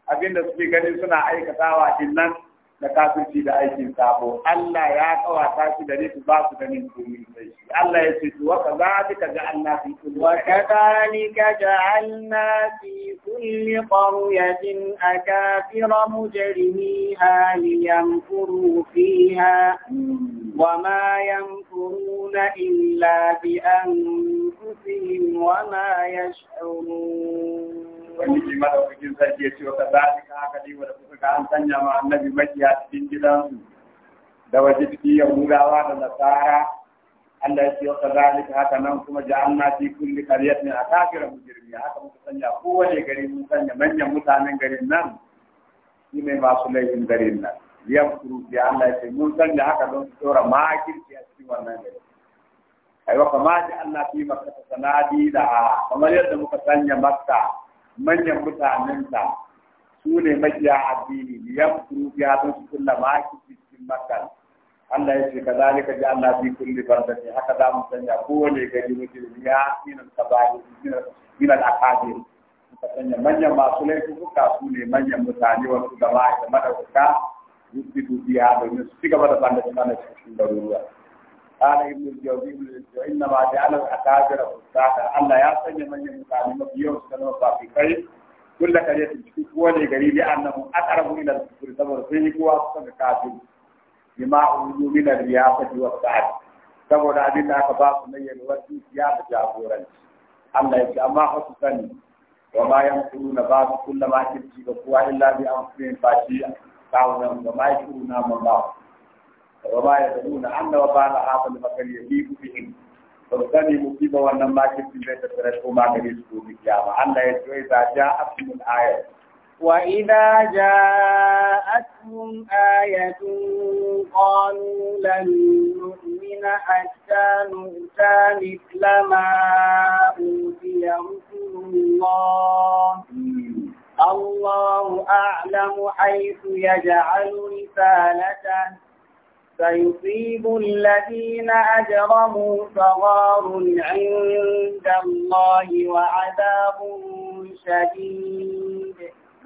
abinda suke ganin suna aikatawa dinnan nan na kafirci da aikin sabo Allah ya kawata shi da su ba su ganin komai sai shi Allah ya ce to wa kadhalika ja'alna fi kulli wa kadhalika ja'alna fi kulli qaryatin akafira mujrimiha liyamkuru fiha wa ma yamkuruna illa bi anfusihim wa ma yash'urun ubangiji madaukakin sarki ya ce wa kazalika haka dai wanda kuka ka an sanya ma annabi makiya cikin gidansu da waje ciki yahudawa da nasara Allah ya ce wa kazalika haka nan kuma ja'alna fi kulli qaryatin mu mujrimiya haka muka sanya kowace gari mun sanya manyan mutanen garin nan shi mai masu laifin garin nan kuru bi Allah ya ce mun sanya haka don su tsora makirci a cikin wannan gari aiwa kama ji Allah fi makka sanadi da kamar yadda muka sanya makka manyan mutanensa su ne makiya addini liyan kuru ya don su kulla maki cikin makar Allah ya ce ka zalika ji Allah bi kulli bardati haka za mu sanya kowane gari mutum ya minan kabari minan akadir ka sanya manyan masu suka su ne manyan mutane wasu da ma'a da madaukaka yusufu biya domin su ci gaba da bandar mana cikin garuruwa. قال ابن الجوزي انما جعل الاكابر فساقا Allah ya سنه من يمكن يوم سنه صافي كي كل كليه تكون غريب انه اقرب الى الكفر تبر في قوه سنه كافر بما اوجو من الرياسه والسعد saboda abin da aka ba su na yalwar dukiya da jagoranci Allah ya ce amma fa su sani wa ma yamkuruna ba su kullama kirki ga kowa illa bi an fi fashi kawunan wa ma yamkuruna man ba su وما يدلون أن وبال هذا المكان يجيب بهم فبتني مصيبة وأنما كنت بيت الترشق ما كان يسكو بالكيامة أن يسوي إذا جاءتهم الآية وإذا جاءتهم آية قالوا لن نؤمن حتى نؤتى مثل ما أوتي رسول الله الله أعلم حيث يجعل رسالته فيصيب الذين أجرموا صغار عند الله وعذاب شديد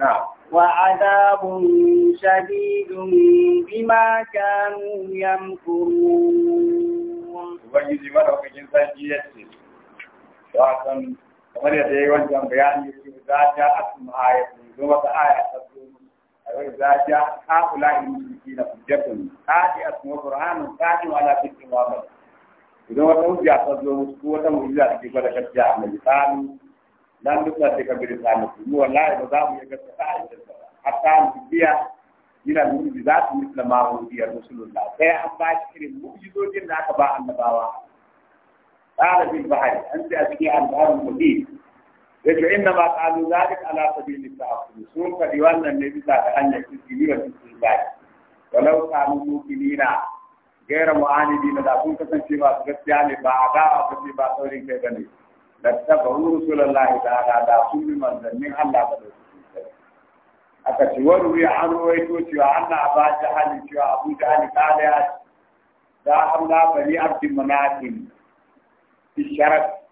نعم وعذاب شديد بما كانوا يمكرون وبيجي مرة في جنسان جيسي وعشان kamar yadda yayi wannan وإذا جاء هؤلاء المشركين حجة قاطعة وقرآن قاطع على فكر واضح إذا وتوجع تزور قوة معجزة في بلد الشام لسان لن تصدق بلسانك والله نظام يكتفى حتى نبيا من المعجزات مثل ما أوتي رسول الله فيا أما شكر المعجزات لك بها النبوة قال في البحر أنت أسكي أنهار المحيط yake inna ma qalu zalik ala sabili ta'aqqul sun ka di wannan ne bisa da hanyar kisira cikin bai walau kanu mu'minina gaira mu'anidina da kun kasance ba su gaskiya ne ba a da ba ba saurin kai bane da tabaru rasulullahi ta'ala da sun bi manzannin Allah ba da aka ce wani wuri an ruwaito cewa Allah ba ta halin cewa Abu Jahal kada ya da hamla bani abdul manatin isharat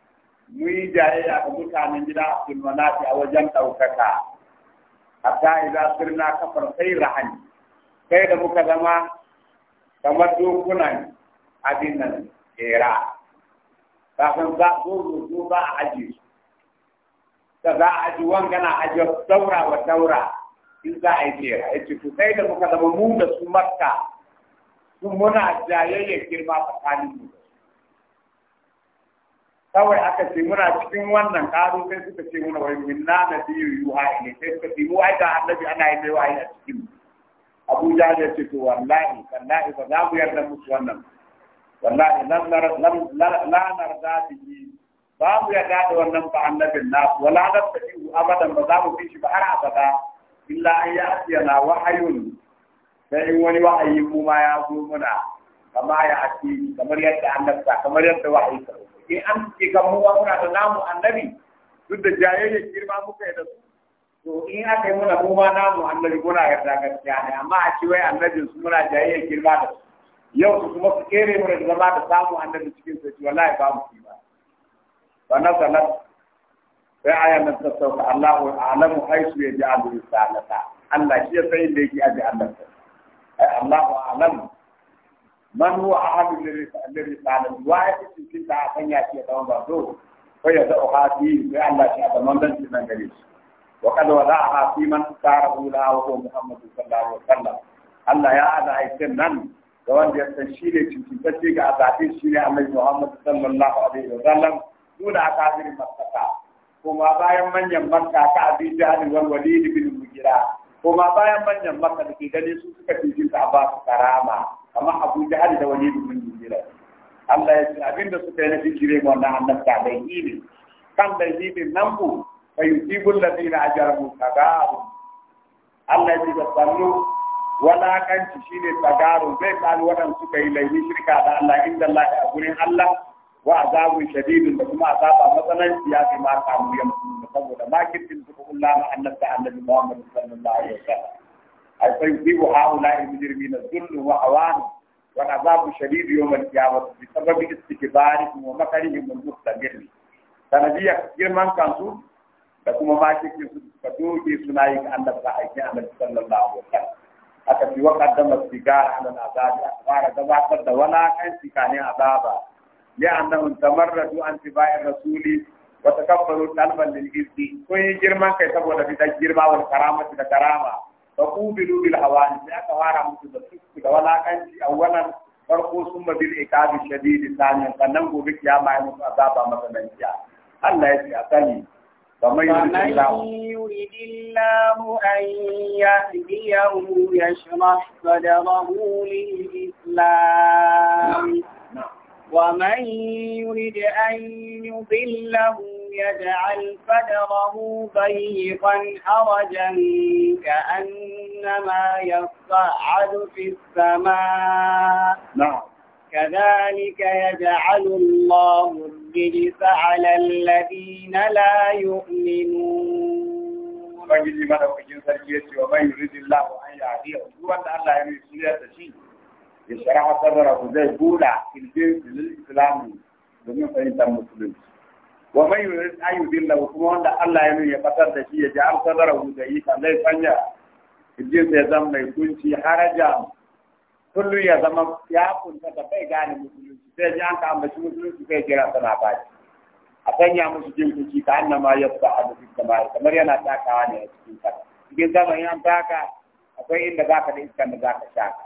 mu yi jayayya ga mutanen gida Abdulmanati a wajen ɗaukaka. za su rina kafar sai rahani, sai da muka zama kamar dokunan abin nan kera. Kafin za a su rubutu za a aji Da za a aji na aji daura wa daura in za a yi kera. Ya ce, sai da muka zama mu da su makka, sun muna jayayya girma tsakanin mu. kawai aka ce muna cikin wannan karo sai suka ce muna wai minna na biyu yuha ne sai suka ce mu ai ga annabi ana yi wa wa'ayi a cikin Abu Jahl ya ce to wallahi wallahi ba za mu yarda musu wannan wallahi lan nar lan narda ba mu yarda da wannan ba annabin na. wala nastahiu abadan ba za mu bi shi ba har abada illa an na wahayun sai in wani mu kuma ya zo muna kama ya ati kamar yadda annabta kamar yadda wahayi ka in an ke kan mu muna da namu annabi duk da ne girma muka yi da su to in aka yi muna kuma namu annabi muna yarda gaskiya ne amma a ce wai annabin su muna ne girma da su yau su kuma su kere muna da zama da samu annabi cikin su wallahi ba mu ci ba wannan sanar sai aya nan ta sauka Allahu a'lamu haisu yaj'alu risalata Allah shi ya san inda yake aje Allah Allahu a'lamu man huwa ahadu lillahi ta'ala wa yake cikin ta kan ya ce da ba do fa ya da ohati sai Allah ya da man dan cikin gare shi wa kad wada'aha fi man tarahu la wa huwa muhammadu sallallahu alaihi wasallam Allah ya ada aikin nan ga wanda ya san shi ne cikin tace ga azabi shi ne Annabi Muhammad sallallahu alaihi wasallam dole a kafirin Makka kuma bayan manyan Makka ka Abi Jahl wal Walid bin Mughira kuma bayan manyan Makka da ke gani su suka cikin ta ba karama kamar abu jahal da wani dubin jira Allah ya ce abinda suka yi na fikire mu wannan annabta laifi ne kan da yi ne nan mu fa yusibul ladina ajramu tagaru Allah ya ce da sallu wala kanci shine tagaru zai kalu wadan suka yi laifi shirka da Allah inda Allah ya gurin Allah wa azabun shadidun da kuma azaba matsananci ya kai ma kamu yamma saboda makirtin suka kullama annabta annabi Muhammad sallallahu alaihi wasallam أي فيصيب هؤلاء المجرمين الذل وهوان والعذاب الشديد يوم القيامة بسبب استكبارهم ومكرهم المستمر sanadiyar girman kansu da kuma makikin su ka doge suna yin annabi da aiki annabi sallallahu alaihi wasallam aka fi wakaddama sigara ala azabi aka fara gabatar da walakan sikanin azaba li annahum tamarradu an tibai rasuli wata takabbaru talban lil izzi ko girman kai saboda bidan girma wal da karama fa qubilu bil hawani sai aka fara musu da su da walakanci awwalan farko sun ma bil ikabi shadidi sanin sannan gobe kiyama ya musu azaba Allah ya ce a sani الله أن يهديه يشرح صدره للإسلام ومن يرد أن يضله يجعل فدره ضيقا حرجا كأنما يصعد في السماء نعم كذلك يجعل الله الرجس على الذين لا يؤمنون ubangiji madaukakin sarki ya ce wa man yuridu Allah an yahdiya duk wanda Allah ya nufi ya tashi a ku zai زي بولا الجيش islamu domin fahimtar musulunci wa man yurid an yudilla kuma wanda Allah ya nuna ya fatar da shi ya ji an sadara da yi kan zai sanya idin ya zama mai kunci haraja Kullum ya zama ya kunta da bai gane musulunci sai ji an ka ambaci musulunci sai kira sana baki a sanya musu jin kunci ka annama ya fita abu duk kamar kamar yana takawa ne a cikin kasa cikin zaman yan taka akwai inda za zaka da iskan da ka shaka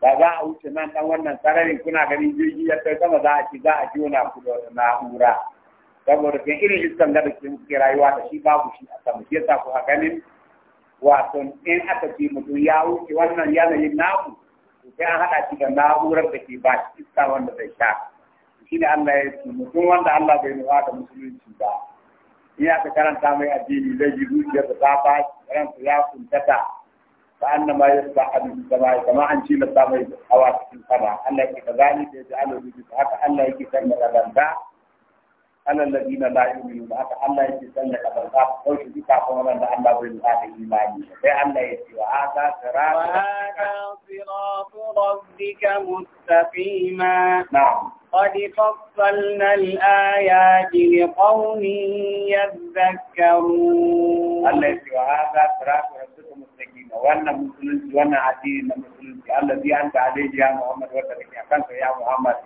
Ba za a wuce nan dan wannan sararin kuna ganin jirgi ya kai sama za a ci za a jona da wata na'ura saboda kan irin iskan da ke muke rayuwa da shi babu shi a sama shi yasa ku ganin wato in aka ce mutum ya wuce wannan yanayin naku to sai an haɗa shi da na'urar da ke ba shi iska wanda zai sha shi ne Allah ya ce mutum wanda Allah bai nufa da musulunci ba in aka karanta mai addini zai ji zuciyarsa ta ba ransa ya kuntata كأنما يصبح من السماء كما أن شيل السماء أو أسكن سبع ألا كذلك يجعل الرجس حتى ألا يكسرن غدا على الذين لا يؤمنون حتى ألا يكسرن غدا أو شيء كافرون أن الله بالله إيمان فألا يسوى هذا صراط وهذا صراط ربك مستقيما نعم قد فصلنا الآيات لقوم يذكرون الذي هذا صراط wannan musulunci wannan addini na musulunci allazi anta alayhi ya muhammad wanda kake akan ka ya muhammad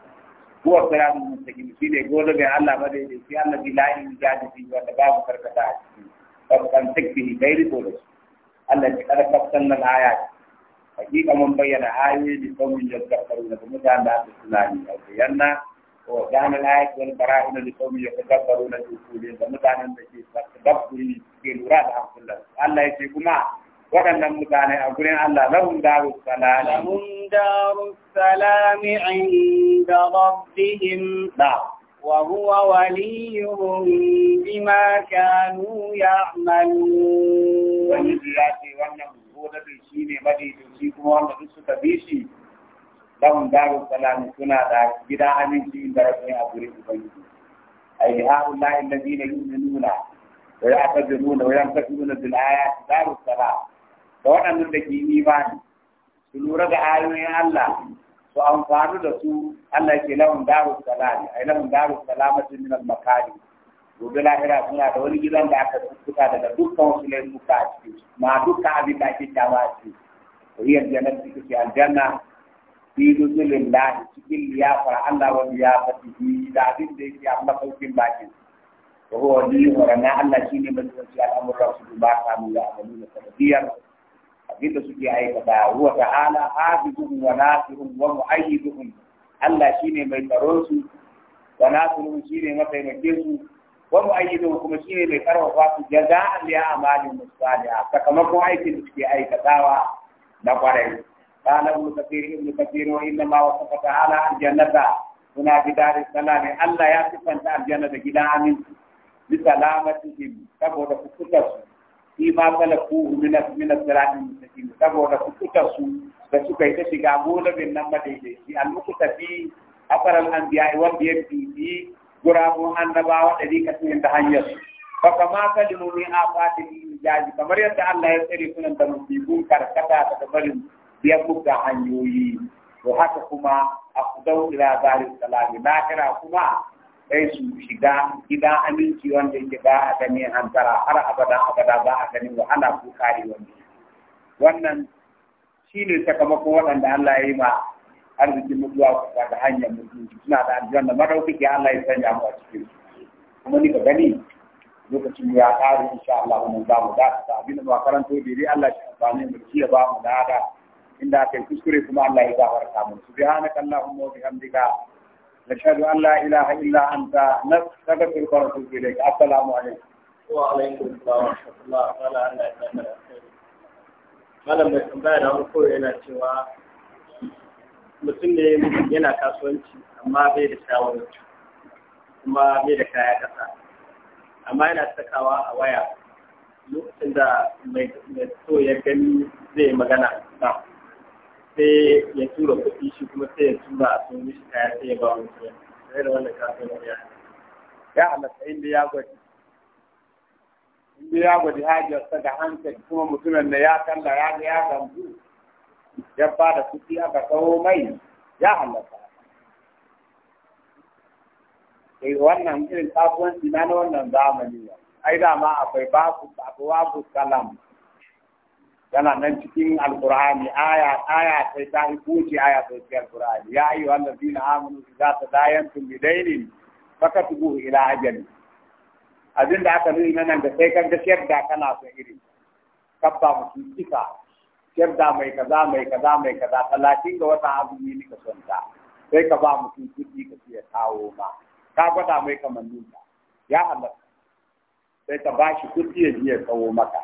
huwa siratul mustaqim shi ne gode ga Allah ba dai shi Allah bi la ilaha illa wanda babu karkata a ciki babu kan tikbi dai riko da shi Allah ya kada kaftan nan ayat hakika mun bayyana ayoyi da kawai da kaftaru da mutanen da su tunani da yanna ko dan ayat wal bara'in da kawai da kaftaru da su da mutanen da ke tadabburi ke lura da hakulla Allah ya ce kuma waɗannan mutane a gurin Allah lahum darus salam lahum darus salam inda rabbihim da wa huwa waliyuhum bima kanu ya'malun wani ya ce wannan godadin shi ne madaidaici kuma wanda duk suka bi shi lahum darus salam suna da gida aminci inda rabbihim a gurin ubangiji ai ha'ula'i alladhina yu'minuna ويعتذرون وينتقمون بالآيات دار السلام da waɗannan da ke imani su lura da ayoyin Allah su amfani da su Allah ke lamun daru salami ai lamun daru salamatu min al makari gobe lahira suna da wani gidan da aka tuttuka daga dukkan wasu laifuka a ciki ma dukkan abin da ake kyawa a ciki yi janar ciki ke aljanna fi nuzulin lahi cikin liyafar Allah wani ya wa yi da abin da yake amma saukin bakin wani na Allah لي ورنا الله شيني ba su رسول الله كانوا يعملون سببيا abinda suke aikata hala ta'ala hafizun wa nasirun wa mu'ayyiduhum Allah shine mai tsaron su wa nasirun shine mataimake su wa mu'ayyiduhum kuma shine mai karfafa su jaza'an li a'malin musaliha sakamakon aikin da suke aikatawa na kwarai قال ابن كثير ابن كثير وانما وصف تعالى الجنه هنا بدار السلام الله يصف الجنه جدا من بسلامتهم تبو تفكتهم fi ma salaku min min as-sirat al-mustaqim saboda kuka su da suka yi ta shiga golabin nan madaidaici al-muqta fi afar al-anbiya wa biyati bi gurabun annabawa da dika sun da hanyar fa kama kalimu min jaji kamar yadda Allah ya tsare sunan da musibun karkata da barin biyan buga hanyoyi to haka kuma a kudau ila zalim salami na kira kuma sai su shiga gida aminci wanda yake ba a ganin hantara har abada abada ba a wa ana ko kare wannan wannan shine sakamakon waɗanda Allah ya yi ma arzikin mutuwa ga hanyar mutu suna da aljanna madaukaki Allah ya sanya mu a cikin kuma ni ka gani lokacin ya ƙare insha Allah mun ba mu da ta abin da ba da dai Allah ya amfani mu ciya ba mu da inda kai kuskure kuma Allah ya gafarta mu subhanakallahumma wa bihamdika أشهد أن لا إله إلا أنت نستغفرك ونتوب إليك السلام عليكم وعليكم السلام ورحمة الله تعالى وبركاته malam mai tambaya da farko yana cewa mutum ne yana kasuwanci amma bai da shawarar kuma bai da kaya kasa amma yana sakawa a waya lokacin da mai so ya gani zai magana ba sai ya tura kuɗi shi kuma sai ya tura a sun mishi kaya sai ya ba mutum sai da wanda kafin ya ya halatta inda ya gwaji inda ya gwaji hajiyarsa ga hankali kuma mutumin da ya kalla ya ga ya gamsu ya ba da kuɗi aka kawo mai ya halatta eh wannan irin kasuwanci na wannan zamani ai da ma akwai babu babu kalam yana nan cikin alkur'ani aya aya sai ta hukunci aya sai cikin alkur'ani ya ayyuha allazina amanu idza tadayantum bidaynin fakatubu ila ajali abin da aka nuna nan da sai kan ga shedda kana son iri kabba mutum kisa shedda mai kaza mai kaza mai kaza talatin ga wata abu ne ka sonta sai ka ba mutum kuɗi ka fiye kawo ma ka gwada mai nuna ya halatta sai ka ba shi kuɗi ya je kawo maka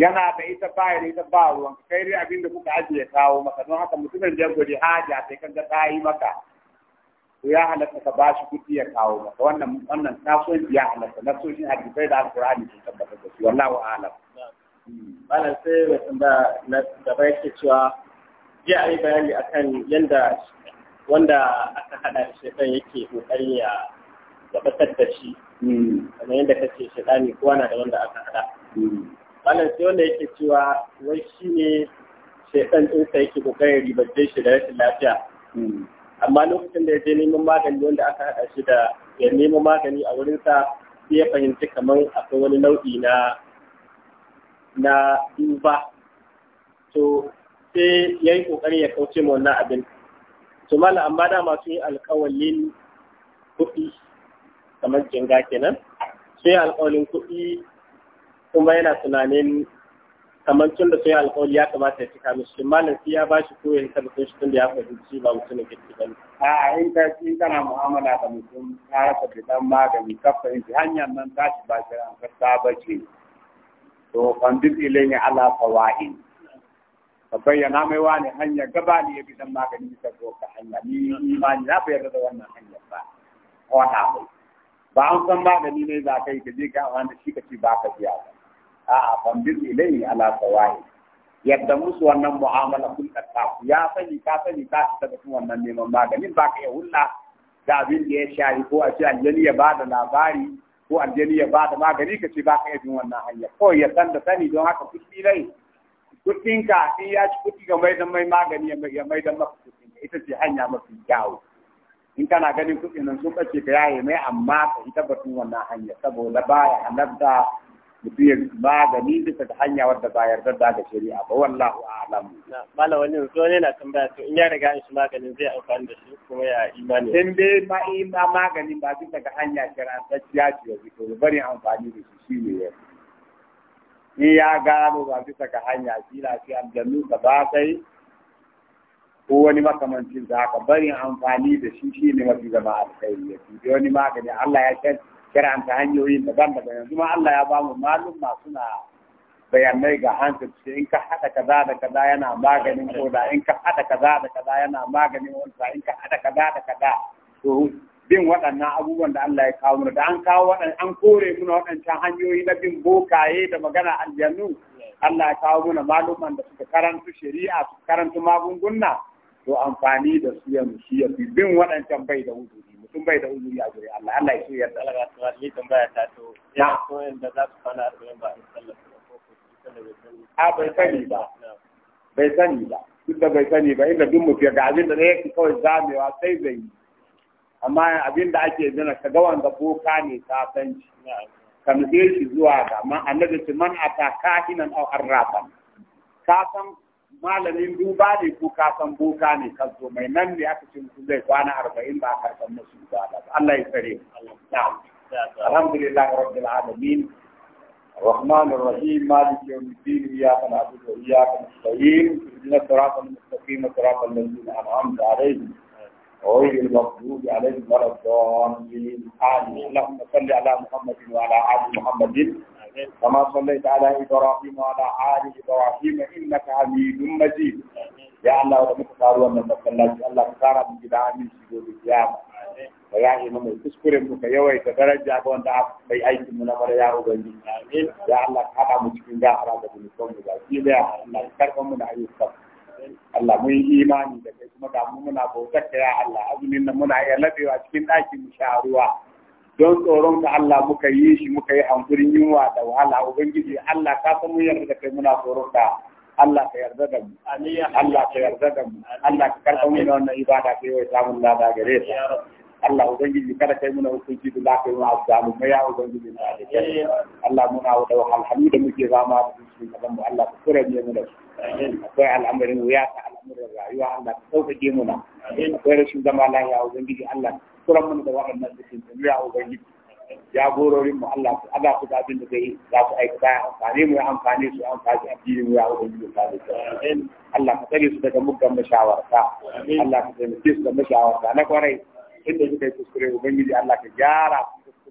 yana da ita ba da ita ba ruwan kai dai abin da kuka ajiye kawo maka don haka mutumin da gudi haja sai kan ga tayi maka to ya halatta ka ba shi kuɗi ya kawo maka wannan wannan kasuwanci ya halatta na soshin hadisai da alqur'ani sun tabbatar da su wallahu a'lam malam sai mutum da da bai ke cewa ya ai bayani akan yanda wanda aka hada da shaitan yake kokari ya gabatar da shi hmm. kamar yadda kace dani kowa na da wanda aka hada hmm. wannan sai wanda yake cewa wai shi ne shaitan din sa yake kokarin ribace shi da rashin lafiya amma lokacin da ya je neman magani wanda aka haɗa shi da ya nemo magani a wurin sa sai ya fahimci kamar akwai wani nau'i na na duba to sai ya yi kokari ya kauce ma wannan abin to mala amma da masu yi alkawalin kuɗi kamar jinga kenan sai alkawalin kuɗi kuma yana tunanin kamar tun da sai alkawari ya kamata ya cika mishi shi, malam sai ya bashi ko ya hitar da shi tun da ya fahimci ba mutum da kirki ba a in ka shi kana mu'amala da mutum ka rasa da dan magani ka fahimci hanyar nan ta shi ba shi ran ka saba shi. to fandil ilayni ala fawahin ka bayyana mai wani hanya gaba ne ya bi dan magani ka zo ka hanya ni za ka yarda da wannan hanyar ba wata mai ba an san magani ne za ka yi ka je ka wanda shi ka ci ba ka biya ba a'a bi ilai ala sawai yadda musu wannan mu'amala kun ta ya sani ka sani ka ta kun wannan neman maganin ba ka ya hulla da abin da ya shari ko a ce aljani ya bada labari ko aljani ya bada magani ka ce ba ka bin wannan hanya ko ya san da sani don haka kuɗi lai kuɗin ka in ya ci kuɗi ga mai mai magani ya mai da maka kuɗin ita ce hanya mafi kyawu in kana ganin kuɗin nan sun ɓace ka yaye mai amma ka yi tabbatun wannan hanya saboda baya halarta mutum ya magani bisa ta hanya wadda ba yarda da da shari'a ba wallahu a'lam mala wani zo ne na tambaya to in ya riga an shi maganin zai amfani da shi kuma ya imani in dai ma ima maganin ba bisa ga hanya shari'a ta ciya ce ya fito bari amfani da shi shi ne in ya gano ba bisa ga hanya shi na fi aljannu ka ba kai ko wani makamancin da haka bari amfani da shi shi ne mafi zama alkhairi ya fi wani magani Allah ya shanta Kiranta hanyoyin daban-daban yanzu ma Allah ya bamu malum masu na bayanai ga hankali in ka haɗa kaza da kaza yana maganin koda in ka haɗa kaza da kaza yana maganin wanda in ka haɗa kaza da kaza to bin waɗannan abubuwan da Allah ya kawo mana da an kawo waɗannan an kore muna waɗancan hanyoyi na bin bokaye da magana aljannu Allah ya kawo mana maluman da suka karanta shari'a suka karanta magunguna to amfani da su yanzu shi ya fi bin waɗancan bai da wuzuri tun bai da uzuri a gure Allah Allah ya shirya da Allah ta tun tambaya ta to ya so in da za su fara arba'in ba in sallar ko ko sallar bai sani ba bai sani ba duk da bai sani ba inda duk mutum ga abin da ne yake kawai zamewa sai zai yi amma abin da ake zana ka ga wanda boka ne ta sanci ka nufe shi zuwa ga ma'anar da annabi man a ta kahinan aw arrafan ka san malamin duba ne ko ka san boka ne ka zo mai nan ne aka ce mutum zai kwana arba'in ba a san musu ibada Allah ya tsare alhamdulillah rabbil alamin الرحمن الرحيم مالك يوم الدين اياك نعبد واياك نستعين اهدنا الصراط المستقيم صراط الذين انعمت عليهم غير المغضوب عليهم ولا الضالين امين اللهم صل على محمد وعلى ال محمد كما صليت على إبراهيم وعلى آل إبراهيم انك حميد مجيد يا الله ربك تارو أن تسلم الله كارا من جدعا في يوم القيامة ويا إمام تشكر منك يوي تدرجة بوند أي أي من أمر يا رب أبني يا الله كارا مشكين يا أراد بنكم يا الله كارا من أيوب Allah mun yi imani da kai kuma ga mu muna الله ya من azumin nan muna iya labewa cikin don tsoron ka Allah muka yi shi muka yi hankurin yunwa da wahala ubangiji Allah ka san mun yarda da kai muna tsoron ka Allah ka yarda da mu Allah ka yarda da mu Allah ka karɓa mu na wannan ibada kai wai samun lada gare ta Allah ubangiji kada kai muna hukunci da lafiya mu azamu mai ya ubangiji na da kai Allah muna wa tawakal hamida muke zama da su kaman mu Allah ka kure mu da su akwai al'amarin wuya ka al'amarin rayuwa Allah ka sauƙaƙe muna akwai rashin zama lafiya ubangiji Allah kuran mun da waɗannan cikin duniya ya gororin mu Allah ku Allah ku abin da kai za ku aikata ya amfani mu ya amfani su amfani addinin mu ya ubangiji ta da Allah ka tsare su daga muggan mashawarta Allah ka taimake su da mashawarta na kwarai inda suka yi kuskure ubangiji Allah ka gyara